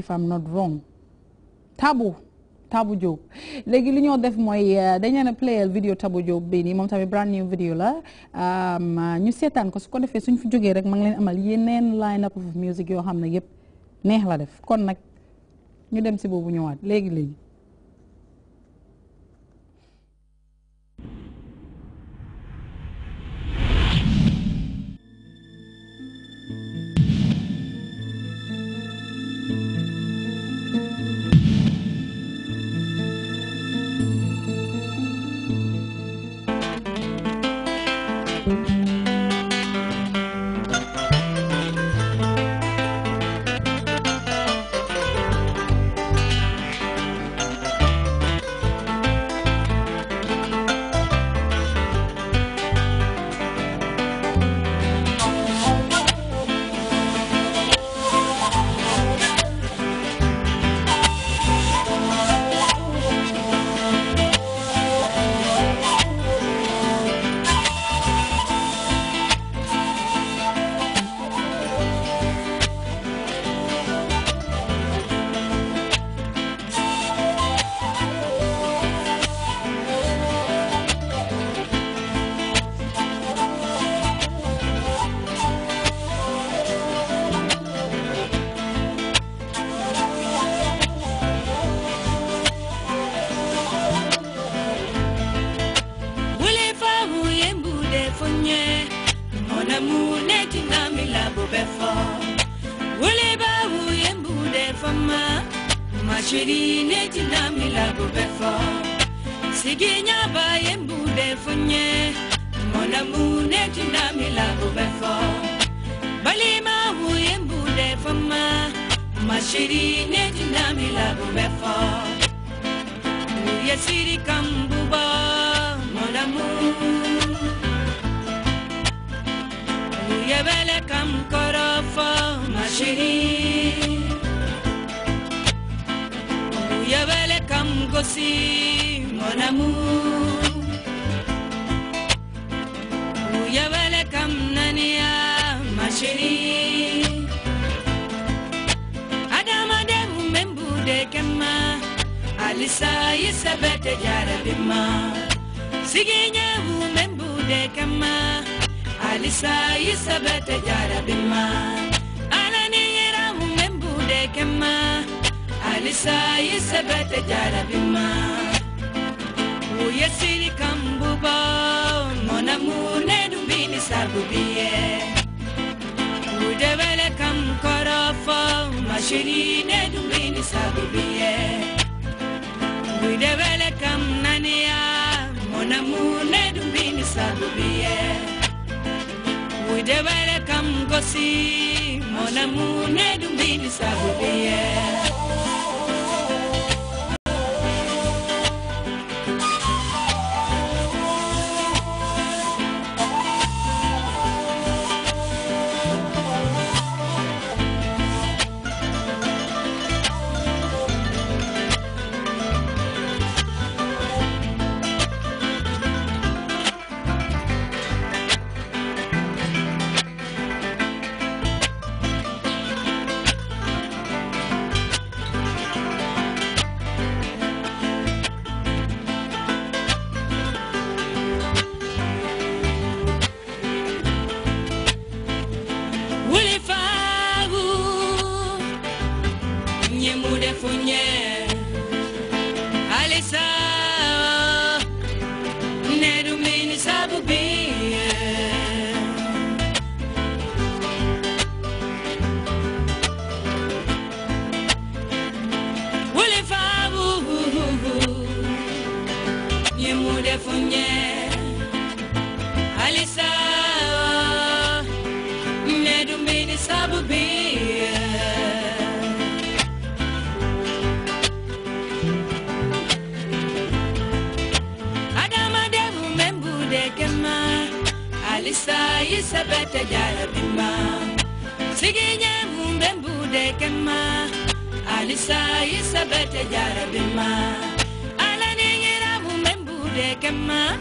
if I'm not wrong Tabu Tabu Jobe léegi lu ñoo def mooy euh, dañ leen a playal vidéo Tabu Jobe bii nii moom tamit brand new vidéo la um, euh, ñu seetaan ko su ko defee suñ fi jógee rek ma ngi leen amal neen line up of music yoo xam ne yëpp neex la def kon nag ñu dem si boobu ñëwaat léegi léegi. Thank you. milambo befo Uleba uyembu defoma Mashiri neti na milambo befo Siginya ba yembu defonye Monamu neti na milambo befo Balima uyembu defoma Mashiri neti na milambo befo Uyesiri kambuba Monamu يا بلا كم كرافة ماشيين ويا بلا كم جسيم ونموت ويا بلا كم نانيا ماشيين أدم أدم من بودك ما alisa yisa bete jara bima siginya wu membude kama alisa isabete jarabima alani yera Membude, kema alisa isabete jarabima uyesiri kambuba mona mune dumbini sabubiye udevele kamkarafa mashirine dumbini sabubiye udevele kamnania mona mune dumbini Mujabarakam gosi, mona amour ne d'oubli de sa sun. Figinye mbembu dekema Alisa isabete jarabima Ala ningira mbembu dekema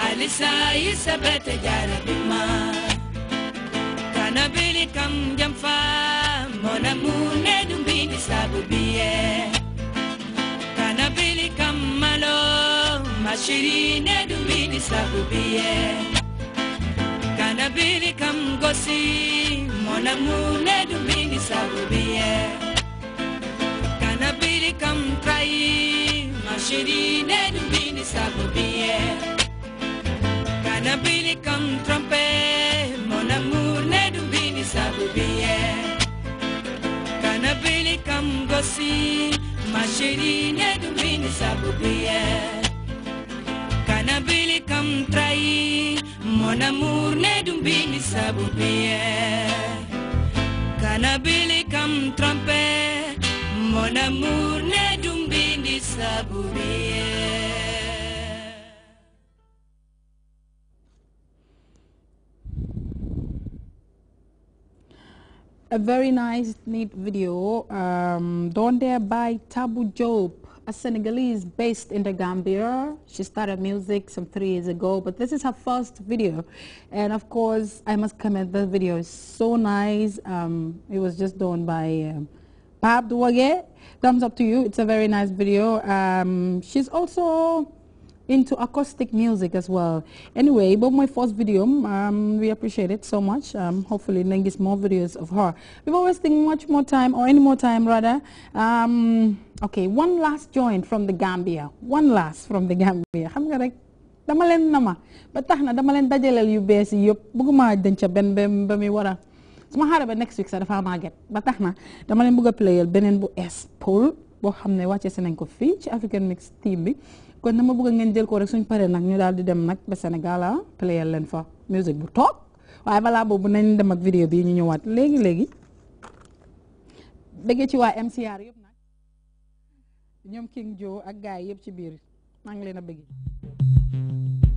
Alisa isabete jarabima Kanabili kam jamfa Mona mune dumbini Kanabili kam malo Mashirine dumbini kam gosi nabili kamgosi monamu nedumini sabubiye kanabili kamtrai mashiri nedumini sabubiye kanabili kamtrompe monamu nedumini sabubiye kanabili kamgosi mashiri nedumini sabubiye kanabili kamtrai Mon amour ne dumbini sabubie Kanabili kam trompe Mon amour ne dumbini sabubie A very nice, neat video. Um, there by Tabu Job a Senegalese based in the Gambia. She started music some three years ago, but this is her first video. And of course, I must comment, the video is so nice. Um, it was just done by um, Pab Douage. Thumbs up to you. It's a very nice video. Um, she's also into acoustic music as well. Anyway, but my first video, um, we appreciate it so much. Um, hopefully, then get more videos of her. We've always wasting much more time, or any more time rather, um, okay, one last joint from the Gambia. One last from the Gambia. xam nga rek dama leen nama ba tax na dama leen dajaleel yu bees yi yëpp bëgguma denc benn ba mi war a suma xaare But next week sax dafa màgget ba tax na dama leen bëgg a playal beneen bu es Paul boo xam ne wàccee si nañ ci African Mix team bi kon dama bëgg ngeen jël ko rek suñ pare nag ñu daal di dem nag ba Sénégal ah playal leen fa musique bu toog waaye balaa boobu nañ dem ak vidéo bi ñu ñëwaat léegi léegi bëggee ci waa MCR yëpp nag ñoom King Joe ak gars yëpp ci biir maa ngi leen a bëgg.